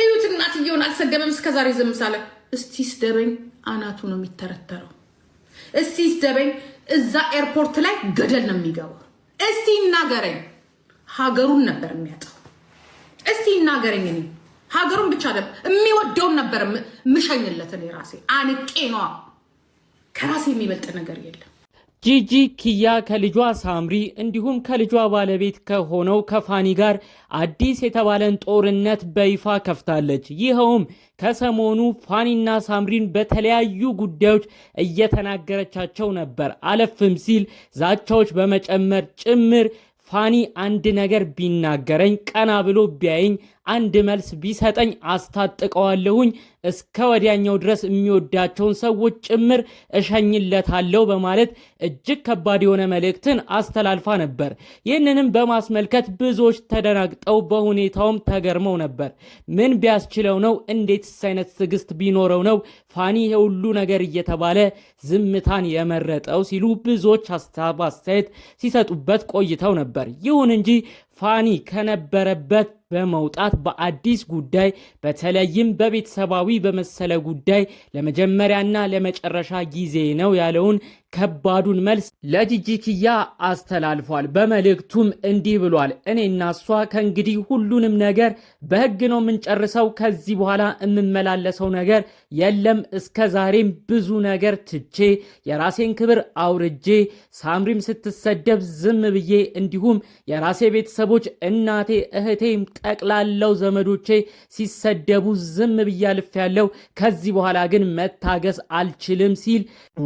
እዩት። እናትየውን አልሰደበም እስከዛሬ ዝም ሳለ። እስቲ ስደበኝ አናቱ ነው የሚተረተረው። እስቲ ስደበኝ እዛ ኤርፖርት ላይ ገደል ነው የሚገባው። እስቲ ይናገረኝ። ሀገሩን ነበር የሚያጣው። እስቲ ይናገረኝ። እኔ ሀገሩን ብቻ ደ የሚወደውን ነበር ምሸኝለትን ራሴ አንቄ ነዋ። ከራሴ የሚበልጥ ነገር የለም። ጂጂ ኪያ ከልጇ ሳምሪ እንዲሁም ከልጇ ባለቤት ከሆነው ከፋኒ ጋር አዲስ የተባለን ጦርነት በይፋ ከፍታለች። ይኸውም ከሰሞኑ ፋኒና ሳምሪን በተለያዩ ጉዳዮች እየተናገረቻቸው ነበር። አለፍም ሲል ዛቻዎች በመጨመር ጭምር ፋኒ አንድ ነገር ቢናገረኝ፣ ቀና ብሎ ቢያይኝ አንድ መልስ ቢሰጠኝ አስታጥቀዋለሁኝ እስከ ወዲያኛው ድረስ የሚወዳቸውን ሰዎች ጭምር እሸኝለታለሁ በማለት እጅግ ከባድ የሆነ መልእክትን አስተላልፋ ነበር። ይህንንም በማስመልከት ብዙዎች ተደናግጠው በሁኔታውም ተገርመው ነበር። ምን ቢያስችለው ነው? እንዴትስ አይነት ትዕግስት ቢኖረው ነው ፋኒ የሁሉ ነገር እየተባለ ዝምታን የመረጠው? ሲሉ ብዙዎች ሀሳብ አስተያየት ሲሰጡበት ቆይተው ነበር። ይሁን እንጂ ፋኒ ከነበረበት በመውጣት በአዲስ ጉዳይ በተለይም በቤተሰባዊ በመሰለ ጉዳይ ለመጀመሪያና ለመጨረሻ ጊዜ ነው ያለውን ከባዱን መልስ ለጂጂኪያ አስተላልፏል። በመልእክቱም እንዲህ ብሏል። እኔና እሷ ከእንግዲህ ሁሉንም ነገር በህግ ነው የምንጨርሰው። ከዚህ በኋላ የምመላለሰው ነገር የለም። እስከ ዛሬም ብዙ ነገር ትቼ የራሴን ክብር አውርጄ ሳምሪም ስትሰደብ ዝም ብዬ እንዲሁም የራሴ ቤተሰቦች እናቴ፣ እህቴም ጠቅላላው ዘመዶቼ ሲሰደቡ ዝም ብዬ አልፌያለሁ። ከዚህ በኋላ ግን መታገስ አልችልም ሲል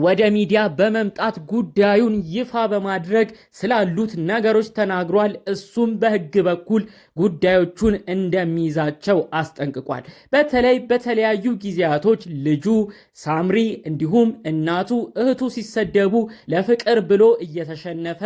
ወደ ሚዲያ በመ በመምጣት ጉዳዩን ይፋ በማድረግ ስላሉት ነገሮች ተናግሯል። እሱም በህግ በኩል ጉዳዮቹን እንደሚይዛቸው አስጠንቅቋል። በተለይ በተለያዩ ጊዜያቶች ልጁ ሳምሪ እንዲሁም እናቱ እህቱ ሲሰደቡ ለፍቅር ብሎ እየተሸነፈ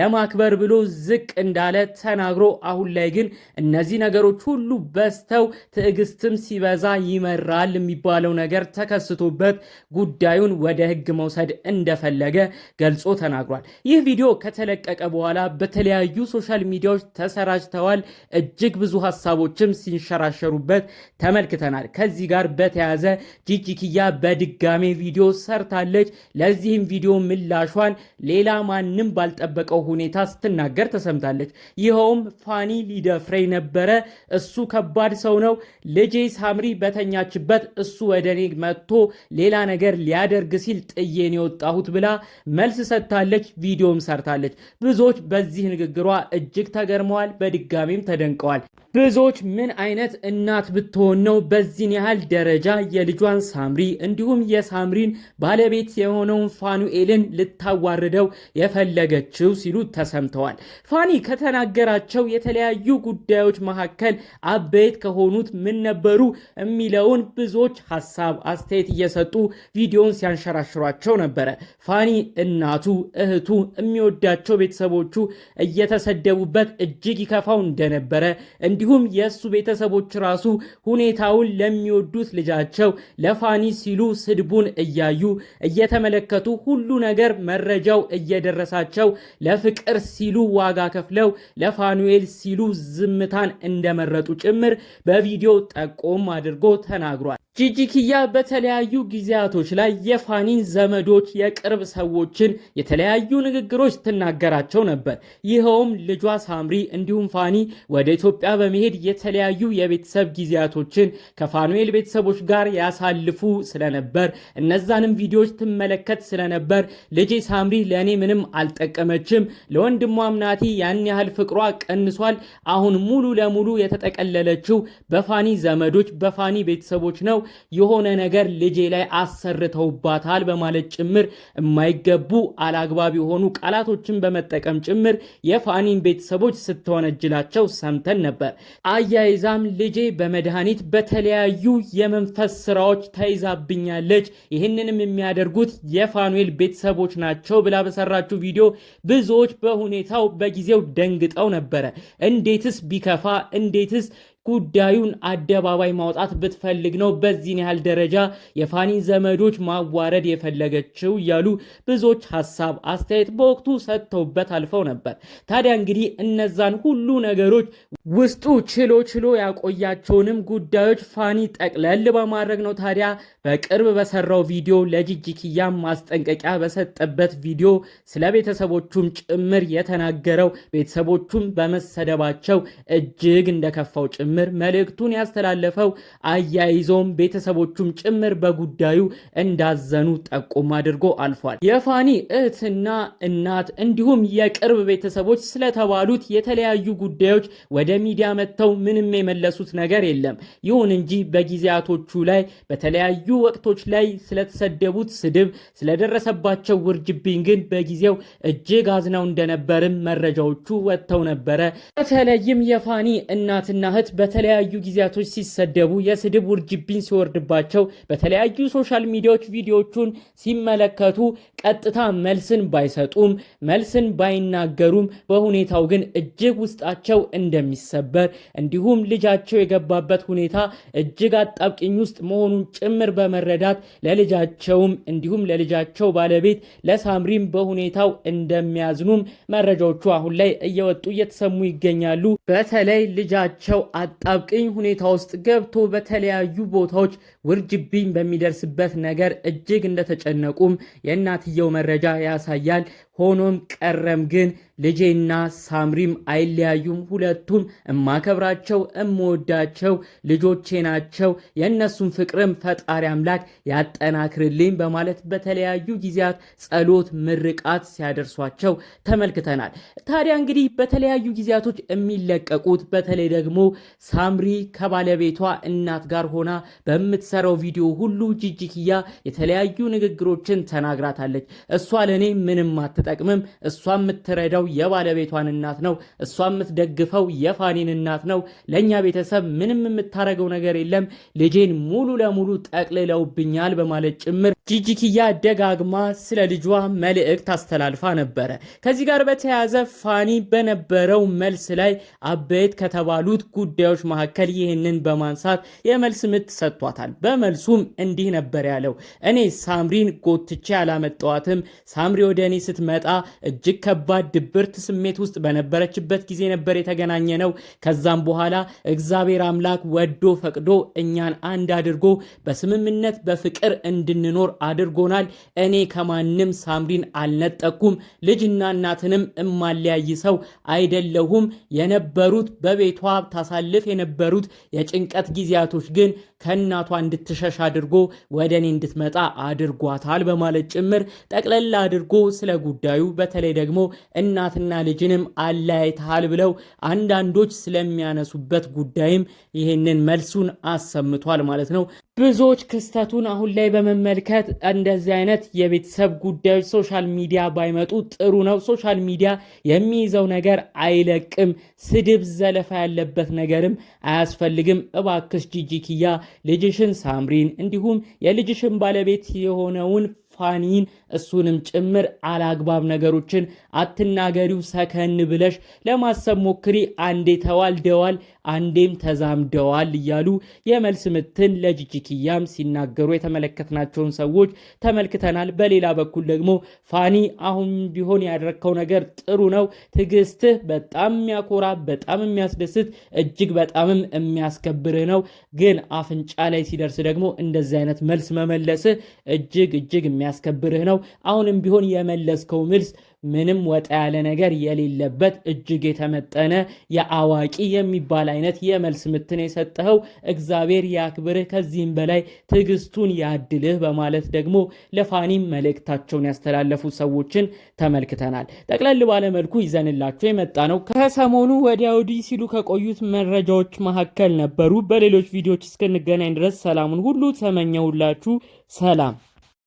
ለማክበር ብሎ ዝቅ እንዳለ ተናግሮ አሁን ላይ ግን እነዚህ ነገሮች ሁሉ በስተው ትዕግስትም ሲበዛ ይመራል የሚባለው ነገር ተከስቶበት ጉዳዩን ወደ ህግ መውሰድ እንደፈ እንደፈለገ ገልጾ ተናግሯል። ይህ ቪዲዮ ከተለቀቀ በኋላ በተለያዩ ሶሻል ሚዲያዎች ተሰራጭተዋል። እጅግ ብዙ ሀሳቦችም ሲንሸራሸሩበት ተመልክተናል። ከዚህ ጋር በተያያዘ ጂጂ በድጋሜ ቪዲዮ ሰርታለች። ለዚህም ቪዲዮ ምላሿን ሌላ ማንም ባልጠበቀው ሁኔታ ስትናገር ተሰምታለች። ይኸውም ፋኒ ሊደፍሬ ነበረ፣ እሱ ከባድ ሰው ነው፣ ልጄ ሳምሪ በተኛችበት እሱ ወደ እኔ መጥቶ ሌላ ነገር ሊያደርግ ሲል ጥዬን የወጣሁት ብላ መልስ ሰጥታለች፣ ቪዲዮም ሰርታለች። ብዙዎች በዚህ ንግግሯ እጅግ ተገርመዋል፣ በድጋሚም ተደንቀዋል። ብዙዎች ምን አይነት እናት ብትሆን ነው በዚህን ያህል ደረጃ የልጇን ሳምሪ እንዲሁም የሳምሪን ባለቤት የሆነውን ፋኑኤልን ልታዋርደው የፈለገችው ሲሉ ተሰምተዋል። ፋኒ ከተናገራቸው የተለያዩ ጉዳዮች መካከል አበይት ከሆኑት ምን ነበሩ የሚለውን ብዙዎች ሀሳብ አስተያየት እየሰጡ ቪዲዮን ሲያንሸራሽሯቸው ነበረ። ፋኒ እናቱ፣ እህቱ፣ የሚወዳቸው ቤተሰቦቹ እየተሰደቡበት እጅግ ይከፋው እንደነበረ እንዲ እንዲሁም የእሱ ቤተሰቦች ራሱ ሁኔታውን ለሚወዱት ልጃቸው ለፋኒ ሲሉ ስድቡን እያዩ እየተመለከቱ ሁሉ ነገር መረጃው እየደረሳቸው ለፍቅር ሲሉ ዋጋ ከፍለው ለፋኑኤል ሲሉ ዝምታን እንደመረጡ ጭምር በቪዲዮ ጠቆም አድርጎ ተናግሯል። ጂጂኪያ በተለያዩ ጊዜያቶች ላይ የፋኒን ዘመዶች፣ የቅርብ ሰዎችን የተለያዩ ንግግሮች ትናገራቸው ነበር። ይኸውም ልጇ ሳምሪ እንዲሁም ፋኒ ወደ ኢትዮጵያ በመሄድ የተለያዩ የቤተሰብ ጊዜያቶችን ከፋኑኤል ቤተሰቦች ጋር ያሳልፉ ስለነበር እነዛንም ቪዲዮዎች ትመለከት ስለነበር ልጄ ሳምሪ ለእኔ ምንም አልጠቀመችም፣ ለወንድሟ ናቲ ያን ያህል ፍቅሯ ቀንሷል፣ አሁን ሙሉ ለሙሉ የተጠቀለለችው በፋኒ ዘመዶች በፋኒ ቤተሰቦች ነው የሆነ ነገር ልጄ ላይ አሰርተውባታል በማለት ጭምር የማይገቡ አላግባብ የሆኑ ቃላቶችን በመጠቀም ጭምር የፋኒን ቤተሰቦች ስትወነጅላቸው ሰምተን ነበር። አያይዛም ልጄ በመድኃኒት በተለያዩ የመንፈስ ስራዎች ተይዛብኛለች፣ ይህንንም የሚያደርጉት የፋኑኤል ቤተሰቦች ናቸው ብላ በሰራችው ቪዲዮ ብዙዎች በሁኔታው በጊዜው ደንግጠው ነበረ። እንዴትስ ቢከፋ እንዴትስ ጉዳዩን አደባባይ ማውጣት ብትፈልግ ነው በዚህን ያህል ደረጃ የፋኒ ዘመዶች ማዋረድ የፈለገችው እያሉ ብዙዎች ሀሳብ፣ አስተያየት በወቅቱ ሰጥተውበት አልፈው ነበር። ታዲያ እንግዲህ እነዛን ሁሉ ነገሮች ውስጡ ችሎ ችሎ ያቆያቸውንም ጉዳዮች ፋኒ ጠቅለል በማድረግ ነው ታዲያ በቅርብ በሰራው ቪዲዮ ለጅጅኪያ ማስጠንቀቂያ በሰጠበት ቪዲዮ ስለ ቤተሰቦቹም ጭምር የተናገረው ቤተሰቦቹም በመሰደባቸው እጅግ እንደከፋው ጭምር ጭምር መልእክቱን ያስተላለፈው አያይዞም ቤተሰቦቹም ጭምር በጉዳዩ እንዳዘኑ ጠቁም አድርጎ አልፏል። የፋኒ እህትና እናት እንዲሁም የቅርብ ቤተሰቦች ስለተባሉት የተለያዩ ጉዳዮች ወደ ሚዲያ መጥተው ምንም የመለሱት ነገር የለም። ይሁን እንጂ በጊዜያቶቹ ላይ በተለያዩ ወቅቶች ላይ ስለተሰደቡት ስድብ፣ ስለደረሰባቸው ውርጅብኝ ግን በጊዜው እጅግ አዝነው እንደነበርም መረጃዎቹ ወጥተው ነበረ። በተለይም የፋኒ እናትና እህት በተለያዩ ጊዜያቶች ሲሰደቡ የስድብ ውርጅብኝ ሲወርድባቸው በተለያዩ ሶሻል ሚዲያዎች ቪዲዮቹን ሲመለከቱ ቀጥታ መልስን ባይሰጡም መልስን ባይናገሩም በሁኔታው ግን እጅግ ውስጣቸው እንደሚሰበር እንዲሁም ልጃቸው የገባበት ሁኔታ እጅግ አጣብቂኝ ውስጥ መሆኑን ጭምር በመረዳት ለልጃቸውም እንዲሁም ለልጃቸው ባለቤት ለሳምሪም በሁኔታው እንደሚያዝኑም መረጃዎቹ አሁን ላይ እየወጡ እየተሰሙ ይገኛሉ። በተለይ ልጃቸው አጣብቅኝ ሁኔታ ውስጥ ገብቶ በተለያዩ ቦታዎች ውርጅብኝ በሚደርስበት ነገር እጅግ እንደተጨነቁም የእናትየው መረጃ ያሳያል። ሆኖም ቀረም ግን ልጄና ሳምሪም አይለያዩም። ሁለቱም እማከብራቸው እምወዳቸው ልጆቼ ናቸው። የእነሱም ፍቅርም ፈጣሪ አምላክ ያጠናክርልኝ በማለት በተለያዩ ጊዜያት ጸሎት፣ ምርቃት ሲያደርሷቸው ተመልክተናል። ታዲያ እንግዲህ በተለያዩ ጊዜያቶች የሚለቀቁት በተለይ ደግሞ ሳምሪ ከባለቤቷ እናት ጋር ሆና በምትሰራው ቪዲዮ ሁሉ ጅጅክያ የተለያዩ ንግግሮችን ተናግራታለች። እሷ ለእኔ ምንም አት የምትጠቅምም እሷ የምትረዳው የባለቤቷን እናት ነው። እሷ የምትደግፈው የፋኒን እናት ነው። ለእኛ ቤተሰብ ምንም የምታረገው ነገር የለም፣ ልጄን ሙሉ ለሙሉ ጠቅልለውብኛል በማለት ጭምር ጂጂኪያ ደጋግማ ስለ ልጇ መልእክት አስተላልፋ ነበረ። ከዚህ ጋር በተያያዘ ፋኒ በነበረው መልስ ላይ አበይት ከተባሉት ጉዳዮች መካከል ይህንን በማንሳት የመልስ ምት ሰጥቷታል። በመልሱም እንዲህ ነበር ያለው፣ እኔ ሳምሪን ጎትቼ አላመጣዋትም። ሳምሪ ወደ እኔ ስትመ ስትመጣ እጅግ ከባድ ድብርት ስሜት ውስጥ በነበረችበት ጊዜ ነበር የተገናኘ ነው። ከዛም በኋላ እግዚአብሔር አምላክ ወዶ ፈቅዶ እኛን አንድ አድርጎ በስምምነት በፍቅር እንድንኖር አድርጎናል። እኔ ከማንም ሳምሪን አልነጠኩም። ልጅና እናትንም እማለያይ ሰው አይደለሁም። የነበሩት በቤቷ ታሳልፍ የነበሩት የጭንቀት ጊዜያቶች ግን ከእናቷ እንድትሸሽ አድርጎ ወደ እኔ እንድትመጣ አድርጓታል በማለት ጭምር ጠቅለላ አድርጎ ስለ ጉዳዩ በተለይ ደግሞ እናትና ልጅንም አለያይተሃል ብለው አንዳንዶች ስለሚያነሱበት ጉዳይም ይህንን መልሱን አሰምቷል ማለት ነው። ብዙዎች ክስተቱን አሁን ላይ በመመልከት እንደዚህ አይነት የቤተሰብ ጉዳዮች ሶሻል ሚዲያ ባይመጡ ጥሩ ነው። ሶሻል ሚዲያ የሚይዘው ነገር አይለቅም። ስድብ፣ ዘለፋ ያለበት ነገርም አያስፈልግም። እባክሽ ጂጂኪያ ልጅሽን ሳምሪን እንዲሁም የልጅሽን ባለቤት የሆነውን ፋኒን እሱንም ጭምር አላግባብ ነገሮችን አትናገሪው፣ ሰከን ብለሽ ለማሰብ ሞክሪ። አንዴ ተዋል ደዋል አንዴም ተዛምደዋል እያሉ የመልስ ምትን ለጂጂኪያም ሲናገሩ የተመለከትናቸውን ሰዎች ተመልክተናል። በሌላ በኩል ደግሞ ፋኒ አሁን ቢሆን ያደረግከው ነገር ጥሩ ነው። ትዕግስትህ በጣም የሚያኮራ በጣም የሚያስደስት እጅግ በጣምም የሚያስከብርህ ነው። ግን አፍንጫ ላይ ሲደርስ ደግሞ እንደዚህ አይነት መልስ መመለስህ እጅግ እጅግ የሚያስከብርህ ነው። አሁንም ቢሆን የመለስከው መልስ ምንም ወጣ ያለ ነገር የሌለበት እጅግ የተመጠነ የአዋቂ የሚባል አይነት የመልስ ምትን የሰጠኸው እግዚአብሔር ያክብርህ፣ ከዚህም በላይ ትዕግስቱን ያድልህ በማለት ደግሞ ለፋኒም መልእክታቸውን ያስተላለፉ ሰዎችን ተመልክተናል። ጠቅለል ባለ መልኩ ይዘንላቸው የመጣ ነው። ከሰሞኑ ወዲያ ወዲህ ሲሉ ከቆዩት መረጃዎች መካከል ነበሩ። በሌሎች ቪዲዮዎች እስክንገናኝ ድረስ ሰላሙን ሁሉ ተመኘሁላችሁ። ሰላም